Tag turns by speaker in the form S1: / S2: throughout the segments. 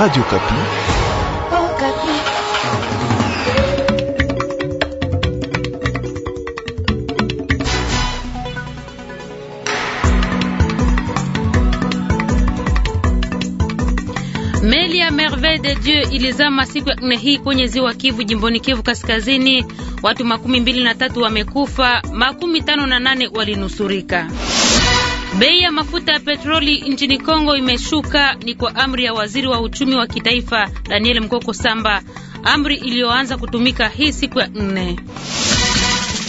S1: Radio Kapi.
S2: Oh, Kapi.
S3: Meli ya Merveille de Dieu ilizama siku ya nne hii kwenye ziwa Kivu jimboni Kivu Kaskazini. Watu makumi mbili na tatu wamekufa, makumi tano na nane walinusurika. Bei ya mafuta ya petroli nchini Kongo imeshuka, ni kwa amri ya waziri wa uchumi wa kitaifa Daniel Mkoko Samba, amri iliyoanza kutumika hii siku ya nne.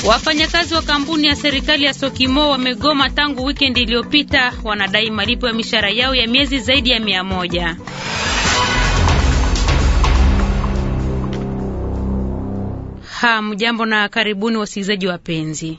S3: Wafanyakazi wa kampuni ya serikali ya Sokimo wamegoma tangu wikendi iliyopita, wanadai malipo ya mishahara yao ya miezi zaidi ya mia moja. Hamjambo na karibuni wasikilizaji wapenzi.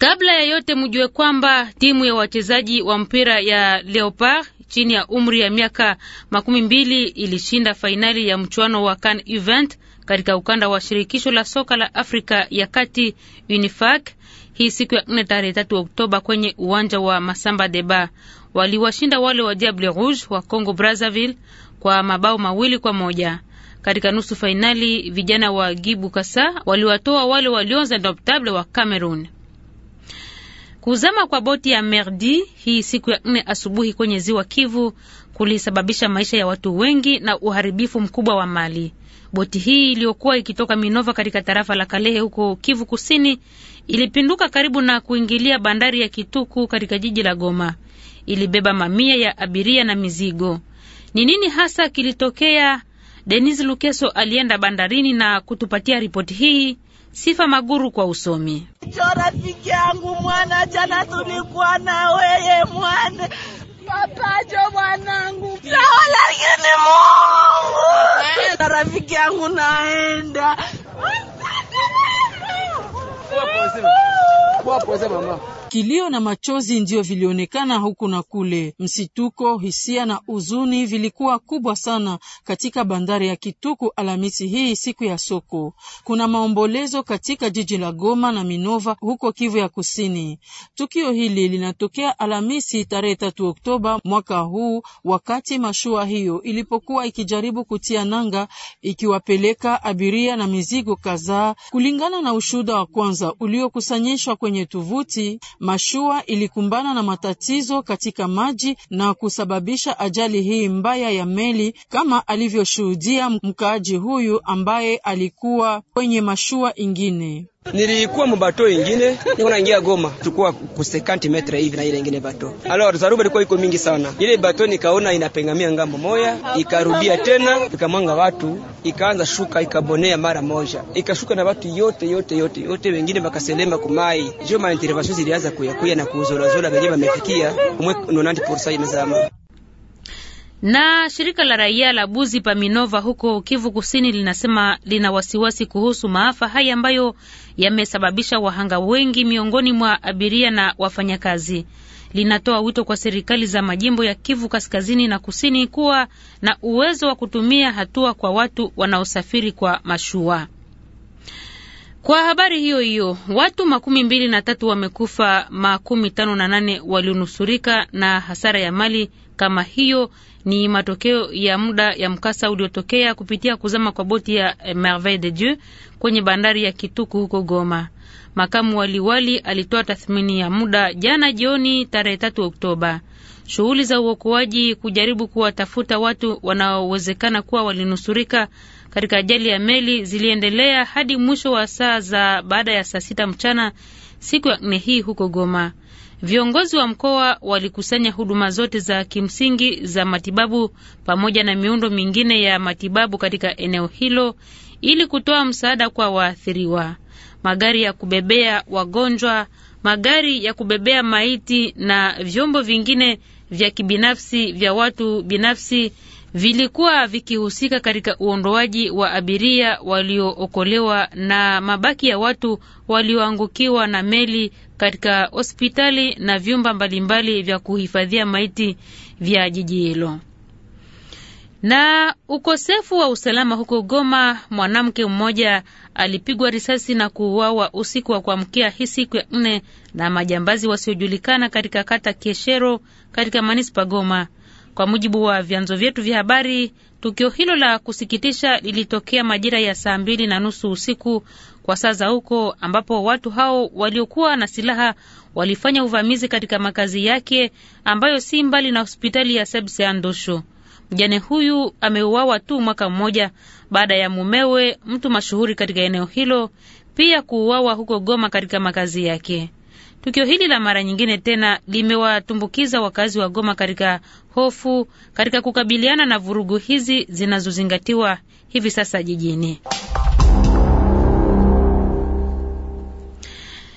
S3: Kabla ya yote mjue kwamba timu ya wachezaji wa mpira ya Leopard chini ya umri ya miaka makumi mbili ilishinda fainali ya mchuano wa CAN event katika ukanda wa shirikisho la soka la Afrika ya Kati UNIFAC hii siku ya 4 tarehe 3 Oktoba kwenye uwanja wa Masamba Deba. Waliwashinda wale wa Diable Rouge wa Congo Brazzaville kwa mabao mawili kwa moja. Katika nusu fainali vijana wa gibu Kasa waliwatoa wale walioza Notable wa Cameroon. Kuzama kwa boti ya Merdi hii siku ya nne asubuhi kwenye ziwa Kivu kulisababisha maisha ya watu wengi na uharibifu mkubwa wa mali. Boti hii iliyokuwa ikitoka Minova katika tarafa la Kalehe huko Kivu Kusini ilipinduka karibu na kuingilia bandari ya Kituku katika jiji la Goma. Ilibeba mamia ya abiria na mizigo. Ni nini hasa kilitokea? Denis Lukeso alienda bandarini na kutupatia ripoti hii. Sifa Maguru kwa usomi.
S4: Jo, rafiki yangu mwana, jana tulikuwa na weye mwana papajo, mwanangu aolagini Mungu na rafiki yangu
S5: naenda
S4: Kilio na machozi ndiyo vilionekana huku na kule. Msituko, hisia na huzuni vilikuwa kubwa sana katika bandari ya Kituku Alhamisi hii, siku ya soko. Kuna maombolezo katika jiji la Goma na Minova huko Kivu ya Kusini. Tukio hili linatokea Alhamisi tarehe tatu Oktoba mwaka huu, wakati mashua hiyo ilipokuwa ikijaribu kutia nanga ikiwapeleka abiria na mizigo kadhaa, kulingana na ushuhuda wa kwanza uliokusanyishwa kwenye tuvuti mashua ilikumbana na matatizo katika maji na kusababisha ajali hii mbaya ya meli, kama alivyoshuhudia mkaaji huyu ambaye alikuwa kwenye mashua ingine. Nilikuwa mubato ingine niko naingia Goma, tukua ku 50 metre hivi na ile ingine bato.
S1: Alors zaruba ilikuwa iko mingi sana, ile bato nikaona inapengamia ngambo moya, ikarudia tena ikamwanga watu, ikaanza shuka, ikabonea mara moja, ikashuka na watu yote yote yote yote, wengine bakaselema kumai. jio. ma intervention zilianza kuyakuya na kuzola zola, wenyewe wamefikia umwe 90% imezama
S3: na shirika la raia la Buzi Paminova huko Kivu Kusini linasema lina wasiwasi kuhusu maafa haya ambayo yamesababisha wahanga wengi miongoni mwa abiria na wafanyakazi. Linatoa wito kwa serikali za majimbo ya Kivu Kaskazini na Kusini kuwa na uwezo wa kutumia hatua kwa watu wanaosafiri kwa mashua. Kwa habari hiyo hiyo, watu makumi mbili na tatu wamekufa, makumi tano na nane walionusurika, na hasara ya mali kama hiyo ni matokeo ya muda ya mkasa uliotokea kupitia kuzama kwa boti ya Merveille de Dieu kwenye bandari ya Kituku huko Goma. Makamu waliwali alitoa tathmini ya muda jana jioni tarehe tatu Oktoba. Shughuli za uokoaji kujaribu kuwatafuta watu wanaowezekana kuwa walinusurika katika ajali ya meli ziliendelea hadi mwisho wa saa za baada ya saa sita mchana siku ya nne hii huko Goma. Viongozi wa mkoa walikusanya huduma zote za kimsingi za matibabu pamoja na miundo mingine ya matibabu katika eneo hilo ili kutoa msaada kwa waathiriwa. Magari ya kubebea wagonjwa, magari ya kubebea maiti na vyombo vingine vya kibinafsi vya watu binafsi vilikuwa vikihusika katika uondoaji wa abiria waliookolewa na mabaki ya watu walioangukiwa na meli katika hospitali na vyumba mbalimbali vya kuhifadhia maiti vya jiji hilo. Na ukosefu wa usalama huko Goma, mwanamke mmoja alipigwa risasi na kuuawa usiku wa kuamkia hii siku ya nne na majambazi wasiojulikana katika kata Keshero katika manispa Goma. Kwa mujibu wa vyanzo vyetu vya habari, tukio hilo la kusikitisha lilitokea majira ya saa mbili na nusu usiku kwa saa za huko, ambapo watu hao waliokuwa na silaha walifanya uvamizi katika makazi yake ambayo si mbali na hospitali ya Sebse Mjane huyu ameuawa tu mwaka mmoja baada ya mumewe, mtu mashuhuri katika eneo hilo, pia kuuawa huko Goma katika makazi yake. Tukio hili la mara nyingine tena limewatumbukiza wakazi wa Goma katika hofu katika kukabiliana na vurugu hizi zinazozingatiwa hivi sasa jijini.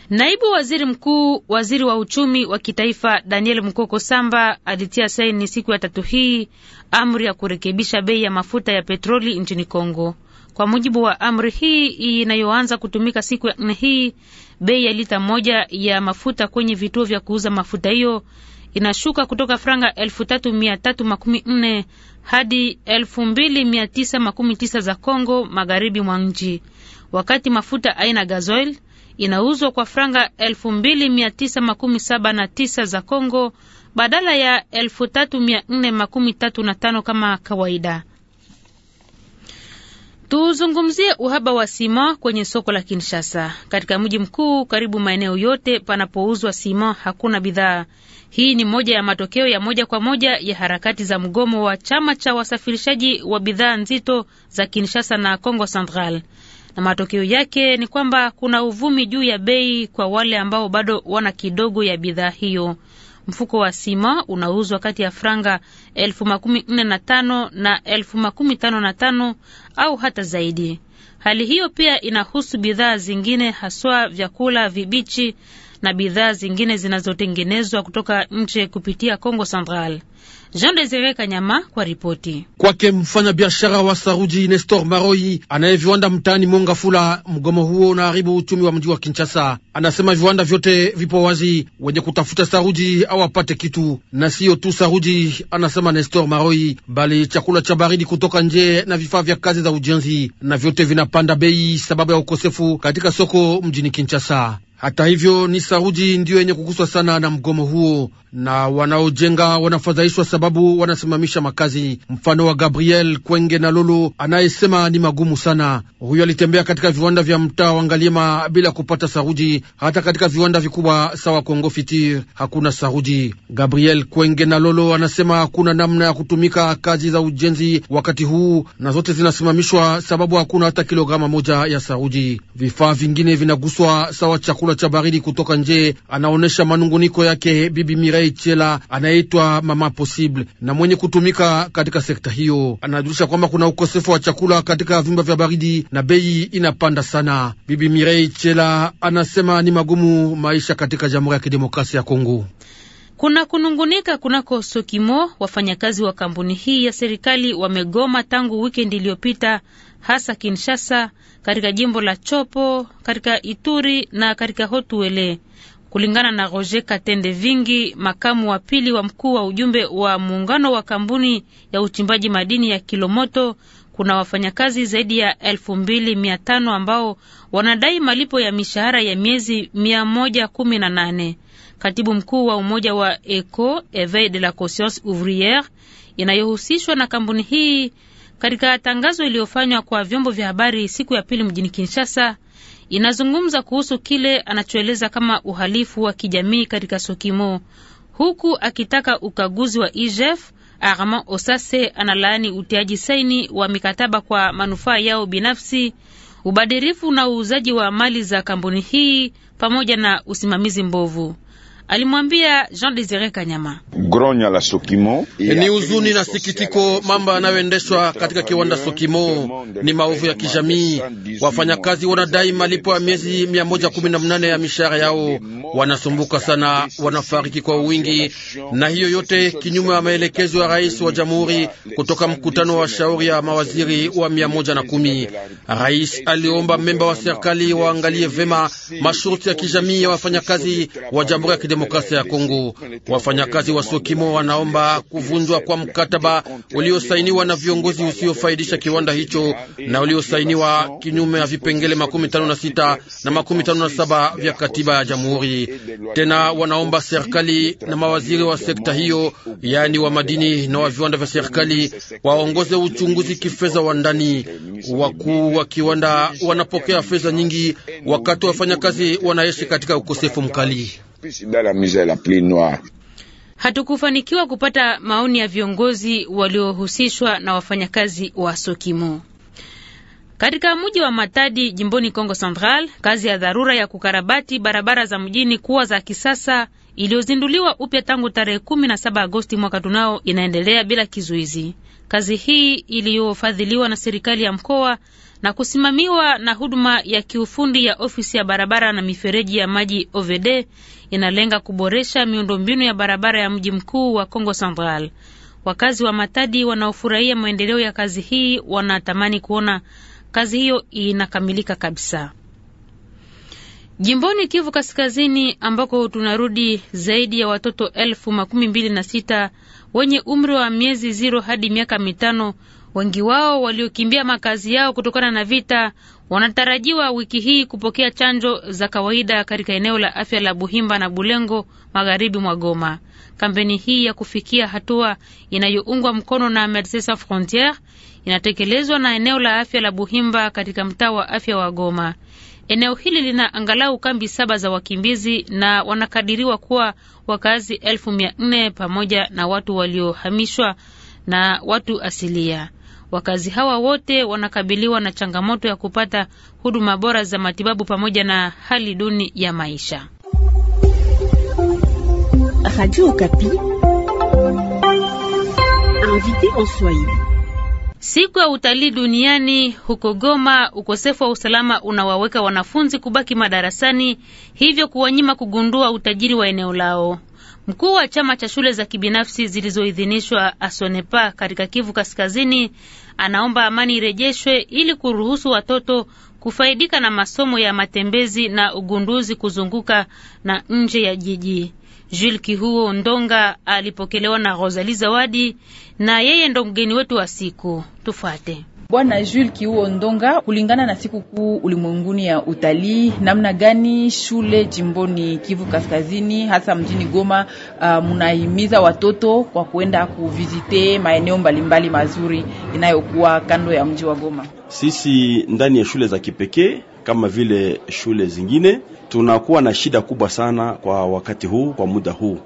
S3: Naibu waziri mkuu, waziri wa uchumi wa kitaifa Daniel Mkoko Samba alitia saini siku ya tatu hii amri ya kurekebisha bei ya mafuta ya petroli nchini Kongo. Kwa mujibu wa amri hii inayoanza kutumika siku ya nne hii, bei ya lita moja ya mafuta kwenye vituo vya kuuza mafuta hiyo inashuka kutoka franga elfu tatu mia tatu makumi nne hadi elfu mbili mia tisa makumi tisa za Congo magharibi mwa nchi, wakati mafuta aina gazoil inauzwa kwa franga elfu mbili mia tisa makumi saba na tisa za Congo badala ya elfu tatu mia nne makumi tatu na tano kama kawaida. Tuzungumzie uhaba wa sima kwenye soko la Kinshasa. Katika mji mkuu, karibu maeneo yote panapouzwa sima hakuna bidhaa. Hii ni moja ya matokeo ya moja kwa moja ya harakati za mgomo wa chama cha wasafirishaji wa bidhaa nzito za Kinshasa na Congo Central, na matokeo yake ni kwamba kuna uvumi juu ya bei kwa wale ambao bado wana kidogo ya bidhaa hiyo. Mfuko wa sima unauzwa kati ya franga elfu makumi nne na tano na elfu makumi tano na tano au hata zaidi. Hali hiyo pia inahusu bidhaa zingine, haswa vyakula vibichi na bidhaa zingine zinazotengenezwa kutoka nje kupitia congo Central. Jean Desire Kanyama kwa
S4: ripoti
S5: kwake. Mfanyabiashara wa saruji Nestor Maroi anaye viwanda mtaani Mongafula, mgomo huo unaharibu uchumi wa mji wa Kinshasa. Anasema viwanda vyote vipo wazi, wenye kutafuta saruji au apate kitu, na siyo tu saruji, anasema Nestor Maroi, bali chakula cha baridi kutoka nje na vifaa vya kazi za ujenzi, na vyote vinapanda bei sababu ya ukosefu katika soko mjini Kinshasa. Hata hivyo, ni saruji ndiyo yenye kukuswa sana na mgomo huo, na wanaojenga wanafadhaishwa wa sababu wanasimamisha makazi, mfano wa Gabriel Kwenge na Lolo anayesema ni magumu sana. Huyo alitembea katika viwanda vya mtaa wa Ngaliema bila kupata saruji, hata katika viwanda vikubwa sawa Kongo Fitir hakuna saruji. Gabriel Kwenge na Lolo anasema hakuna namna ya kutumika kazi za ujenzi wakati huu, na zote zinasimamishwa sababu hakuna hata kilograma moja ya saruji. Vifaa vingine vinaguswa sawa chakula cha baridi kutoka nje. Anaonyesha manunguniko yake Bibi Mirei Chela anayeitwa Mama Possible na mwenye kutumika katika sekta hiyo. Anajulisha kwamba kuna ukosefu wa chakula katika vyumba vya baridi na bei inapanda sana. Bibi Mirei Chela anasema ni magumu maisha katika Jamhuri ya Kidemokrasia ya Kongo.
S3: Kuna kunungunika kunako Sokimo. Wafanyakazi wa kampuni hii ya serikali wamegoma tangu wikendi iliyopita, hasa Kinshasa, katika jimbo la Chopo, katika Ituri na katika Hotuele kulingana na Roger Katende Vingi, makamu wa pili wa mkuu wa ujumbe wa muungano wa kampuni ya uchimbaji madini ya Kilomoto, kuna wafanyakazi zaidi ya elfu mbili mia tano ambao wanadai malipo ya mishahara ya miezi mia moja kumi na nane. Katibu mkuu wa umoja wa ECO, Eveil de la Conscience Ouvriere, inayohusishwa na kampuni hii, katika tangazo iliyofanywa kwa vyombo vya habari siku ya pili mjini Kinshasa inazungumza kuhusu kile anachoeleza kama uhalifu wa kijamii katika Sokimo, huku akitaka ukaguzi wa IGF. Armand Osase analaani utiaji saini wa mikataba kwa manufaa yao binafsi, ubadhirifu na uuzaji wa mali za kampuni hii pamoja na usimamizi mbovu alimwambia Jean Desire Kanyama.
S1: Gronya la Sokimo
S5: ni huzuni na sikitiko, mambo yanayoendeshwa katika kiwanda Sokimo ni maovu ya kijamii. Wafanyakazi wanadai malipo ya miezi mia ya mishahara yao, wanasumbuka sana, wanafariki kwa wingi, na hiyo yote kinyume ya maelekezo ya rais wa jamhuri kutoka mkutano wa shauri ya mawaziri wa mia kumi. Rais aliomba memba wa serikali waangalie vema masharti ya kijamii ya wafanyakazi wa jamhuri ya Kidemokrasia ya Kongo. Wafanyakazi wa Sokimo wanaomba kuvunjwa kwa mkataba uliosainiwa na viongozi usiofaidisha kiwanda hicho na uliosainiwa kinyume ya vipengele makumi tano na sita na makumi tano na saba vya katiba ya jamhuri. Tena wanaomba serikali na mawaziri wa sekta hiyo, yaani wa madini na wa viwanda vya serikali, waongoze uchunguzi kifedha wa ndani. Wakuu wa kiwanda wanapokea fedha nyingi, wakati wafanyakazi wanaishi katika ukosefu mkali.
S3: Hatukufanikiwa kupata maoni ya viongozi waliohusishwa na wafanyakazi wa Sokimo. Katika mji wa Matadi jimboni Kongo Central, kazi ya dharura ya kukarabati barabara za mjini kuwa za kisasa iliyozinduliwa upya tangu tarehe 17 Agosti mwaka tunao inaendelea bila kizuizi. Kazi hii iliyofadhiliwa na serikali ya mkoa na kusimamiwa na huduma ya kiufundi ya ofisi ya barabara na mifereji ya maji OVD inalenga kuboresha miundombinu ya barabara ya mji mkuu wa congo Central. Wakazi wa Matadi wanaofurahia maendeleo ya kazi hii wanatamani kuona kazi hiyo inakamilika kabisa. Jimboni Kivu Kaskazini ambako tunarudi, zaidi ya watoto elfu makumi mbili na sita wenye umri wa miezi ziro hadi miaka mitano, wengi wao waliokimbia makazi yao kutokana na vita, wanatarajiwa wiki hii kupokea chanjo za kawaida katika eneo la afya la Buhimba na Bulengo magharibi mwa Goma. Kampeni hii ya kufikia hatua inayoungwa mkono na Medecins Sans Frontieres inatekelezwa na eneo la afya la Buhimba katika mtaa wa afya wa Goma. Eneo hili lina angalau kambi saba za wakimbizi na wanakadiriwa kuwa wakazi elfu mia nne pamoja na watu waliohamishwa na watu asilia. Wakazi hawa wote wanakabiliwa na changamoto ya kupata huduma bora za matibabu pamoja na hali duni ya maisha.
S4: Radio Okapi.
S3: Siku ya utalii duniani huko Goma, ukosefu wa usalama unawaweka wanafunzi kubaki madarasani, hivyo kuwanyima kugundua utajiri wa eneo lao. Mkuu wa chama cha shule za kibinafsi zilizoidhinishwa Asonepa katika Kivu Kaskazini anaomba amani irejeshwe ili kuruhusu watoto kufaidika na masomo ya matembezi na ugunduzi kuzunguka na nje ya jiji. Jules Kihuo Ndonga alipokelewa na Rosalie Zawadi na yeye ndo mgeni wetu
S4: wa siku. Tufuate. Bwana Jules Kiuo Ndonga, kulingana na siku kuu ulimwenguni ya utalii, namna gani shule jimboni Kivu Kaskazini, hasa mjini Goma, uh, munahimiza watoto kwa kuenda kuvizite maeneo mbalimbali mazuri inayokuwa kando ya mji wa Goma?
S1: Sisi ndani ya shule za kipekee kama vile shule zingine. Tunakuwa na shida kubwa sana kwa wakati huu, kwa muda huu,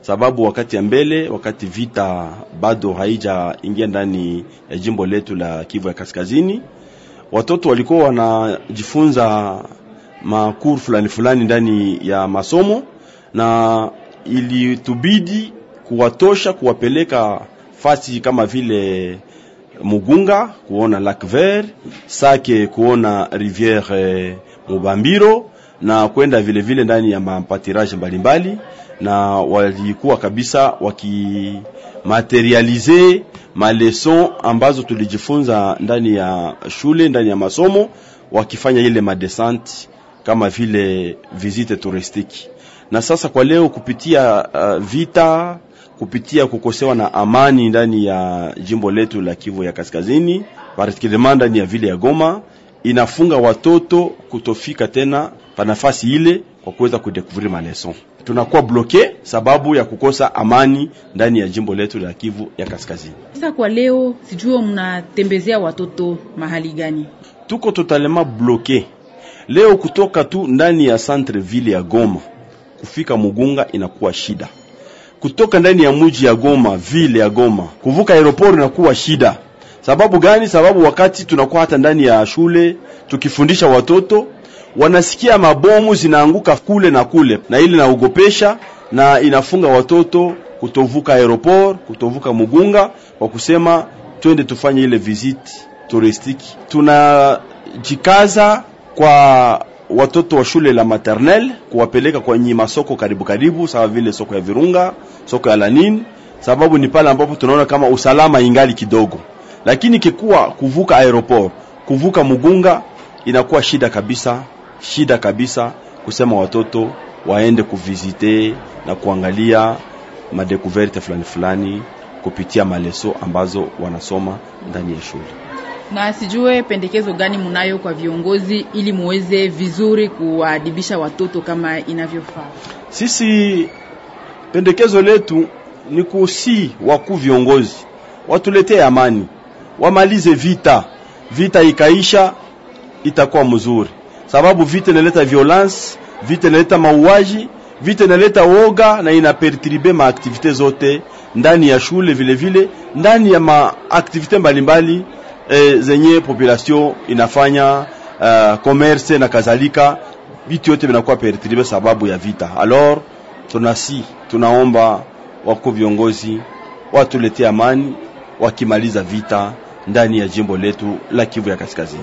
S1: sababu wakati ya mbele, wakati vita bado haijaingia ndani ya jimbo letu la Kivu ya Kaskazini, watoto walikuwa wanajifunza makuru fulani fulani ndani ya masomo, na ilitubidi kuwatosha kuwapeleka fasi kama vile Mugunga kuona Lac Vert, Sake kuona riviere eh, Mubambiro na kwenda vile vile ndani ya mapatirage mbalimbali, na walikuwa kabisa wakimaterialize maleson ambazo tulijifunza ndani ya shule, ndani ya masomo, wakifanya ile madesante kama vile visite touristique. Na sasa kwa leo kupitia uh, vita kupitia kukosewa na amani ndani ya jimbo letu la Kivu ya Kaskazini, particulierement ndani ya vile ya Goma, inafunga watoto kutofika tena panafasi ile kwa kuweza kudekuvrir maleson. Tunakuwa bloke sababu ya kukosa amani ndani ya jimbo letu la Kivu ya Kaskazini.
S4: Sasa kwa leo, sijui mnatembezea watoto mahali gani?
S1: Tuko totalema bloke leo, kutoka tu ndani ya centre ville ya Goma kufika Mugunga inakuwa shida kutoka ndani ya muji ya Goma, vile ya Goma, kuvuka aeroport inakuwa shida. Sababu gani? Sababu wakati tunakuwa hata ndani ya shule tukifundisha watoto wanasikia mabomu zinaanguka kule na kule, na ile naogopesha na inafunga watoto kutovuka aeroport, kutovuka Mugunga, kwa kusema twende tufanye ile visite touristiki. Tunajikaza kwa watoto wa shule la maternelle kuwapeleka kwenye masoko karibu karibu, sawa vile soko ya Virunga, soko ya lanini sababu ni pale ambapo tunaona kama usalama ingali kidogo, lakini kikuwa kuvuka aeroport, kuvuka Mugunga inakuwa shida kabisa, shida kabisa kusema watoto waende kuvizite na kuangalia madekuverte fulani fulani kupitia maleso ambazo wanasoma ndani ya shule.
S4: Na sijue pendekezo gani munayo kwa viongozi ili muweze vizuri kuwaadibisha watoto kama inavyofaa? Sisi
S1: Pendekezo letu ni kusi wakuu viongozi watuletee amani, wamalize vita, vita ikaisha, itakuwa mzuri, sababu vita inaleta violence, vita inaleta mauaji, vita inaleta woga na inapertribe maaktivite zote ndani ya shule, vilevile vile, ndani ya maaktivite mbalimbali e, zenye population inafanya eh, commerce uh, na kadhalika, vitu yote vinakuwa pertribe sababu ya vita alors tunasi tunaomba wako viongozi watuletee amani, wakimaliza vita ndani ya jimbo letu la Kivu ya Kaskazini.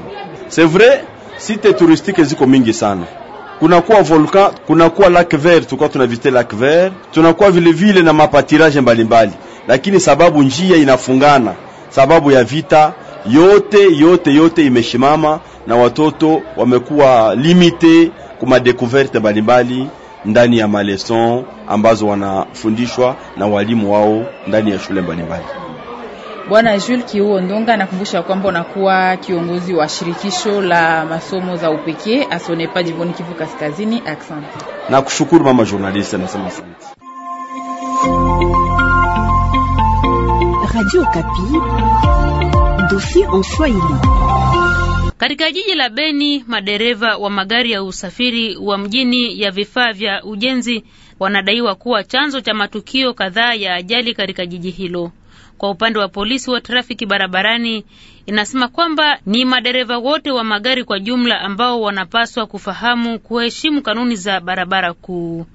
S1: C'est vrai site touristique ziko mingi sana, kunakuwa volcan, kunakuwa lac vert, tukawa tunavite lac vert, tunakuwa vile vile na mapatirage mbalimbali, lakini sababu njia inafungana sababu ya vita yote yote yote imeshimama na watoto wamekuwa limite kuma découverte mbalimbali ndani ya maleson ambazo wanafundishwa na walimu wao ndani ya shule mbalimbali.
S4: Bwana Jules Kiuo Ndonga anakumbusha kwamba unakuwa kiongozi wa shirikisho la masomo za upekee Asonepa jimboni Kivu Kaskazini. Asante
S1: na kushukuru mama journaliste, anasema asante.
S4: Radio Kapi, dossier en Swahili.
S3: Katika jiji la Beni, madereva wa magari ya usafiri wa mjini ya vifaa vya ujenzi wanadaiwa kuwa chanzo cha matukio kadhaa ya ajali katika jiji hilo. Kwa upande wa polisi wa trafiki barabarani, inasema kwamba ni madereva wote wa magari kwa jumla ambao wanapaswa kufahamu kuheshimu kanuni za barabara kuu.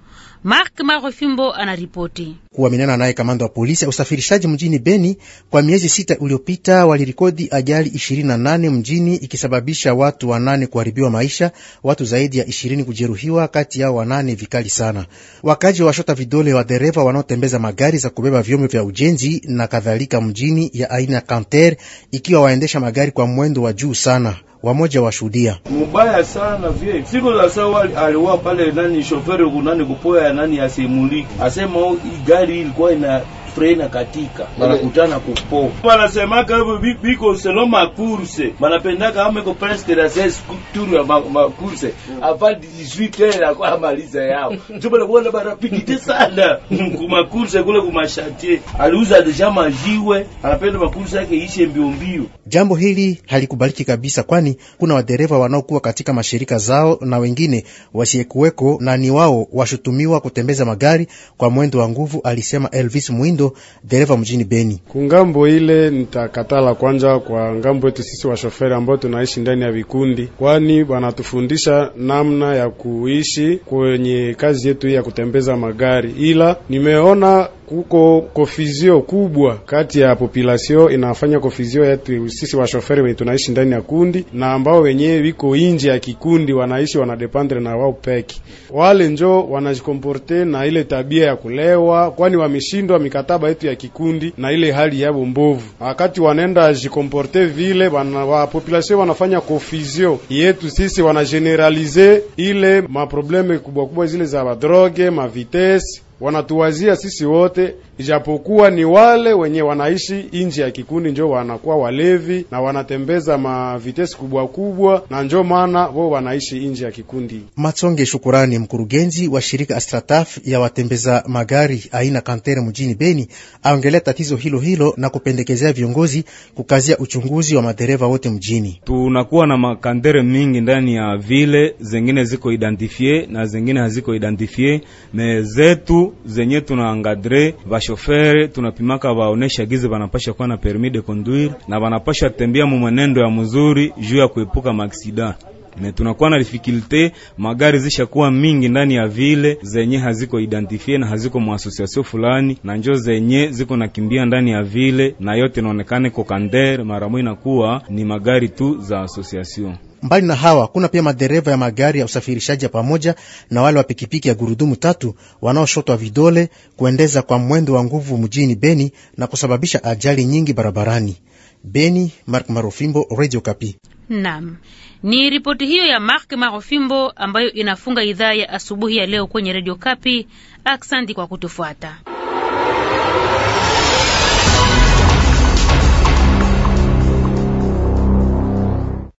S3: Mark Marofimbo anaripoti.
S6: Kuaminana naye kamanda wa polisi ya usafirishaji mjini Beni, kwa miezi sita uliopita walirikodi ajali 28 mjini, ikisababisha watu wanane kuharibiwa maisha, watu zaidi ya 20 kujeruhiwa, kati yao wanane vikali sana. Wakaji wa washota vidole wa dereva wanaotembeza magari za kubeba vyombo vya ujenzi na kadhalika mjini ya aina Canter, ikiwa waendesha magari kwa mwendo wa juu sana wamoja washuhudia
S2: mubaya
S1: sana vye siku za sawa aliwa pale nani shoferi kunani kupoya nani asimuliki asema gari ilikuwa ina apre katika banakutana kupo banasemaka hivyo biko selo makurse banapendaka ameko presque mm. na 16 tour ya makurse avant 18 heures kwa kumaliza yao ndio banakuona barapidite sana kumakurse kule kumashatier aliuza deja majiwe anapenda makurse yake ishe mbio mbio.
S6: Jambo hili halikubaliki kabisa, kwani kuna wadereva wanaokuwa katika mashirika zao na wengine wasiyekuweko na ni wao washutumiwa kutembeza magari kwa mwendo wa nguvu, alisema Elvis Mwindo dereva mjini Beni.
S2: Kungambo ile nitakatala kwanza kwa ngambo yetu sisi washoferi ambao tunaishi ndani ya vikundi, kwani wanatufundisha namna ya kuishi kwenye kazi yetu ya kutembeza magari, ila nimeona kuko kofizio kubwa kati ya populasio inafanya kofizio yetu sisi washoferi wenye tunaishi ndani ya kundi na ambao wenyewe wiko nje ya kikundi, wanaishi wanadependre na wao peki. Wale njo wanajikomporte na ile tabia ya kulewa, kwani wameshindwa mikataba yetu ya kikundi na ile hali yao mbovu. Wakati wanaenda jikomporte vile, wa populasio wanafanya kofizio yetu sisi, wanageneralize ile maprobleme kubwa kubwa zile za madroge mavitesi wanatuwazia sisi wote, ijapokuwa ni wale wenye wanaishi nje ya kikundi njo wanakuwa walevi na wanatembeza mavitesi kubwa kubwa, na njo maana wao wanaishi nje ya kikundi.
S6: Matsonge Shukurani, mkurugenzi wa shirika Astrataf ya watembeza magari aina kantere mjini Beni, aongelea tatizo hilo hilo na kupendekezea viongozi kukazia uchunguzi wa madereva wote mjini.
S1: Tunakuwa na makantere mingi ndani ya vile, zengine ziko identifie na zengine haziko identifie me zetu zenye tunaangadre vashofere tunapimaka vaonesha gizi vanapasha kuwa na permis de conduire na vanapasha tembea mumwenendo ya mzuri juu ya kuepuka maaksida me tunakuwa na difikulte magari zishakuwa mingi ndani ya vile zenye haziko identifie na haziko muasosiasio fulani, na njo zenye ziko nakimbia ndani ya vile, na yote inaonekane kokandere maramu inakuwa ni magari tu za asosiasio.
S6: Mbali na hawa, kuna pia madereva ya magari ya usafirishaji ya pamoja na wale wa pikipiki ya gurudumu tatu wanaoshotwa vidole kuendeza kwa mwendo wa nguvu mjini Beni na kusababisha ajali nyingi barabarani. Beni, Mark Marofimbo, Radio Kapi.
S3: Naam. Ni ripoti hiyo ya Mark Marofimbo ambayo inafunga idhaa ya asubuhi ya leo kwenye Radio Kapi. Aksandi kwa
S4: kutufuata.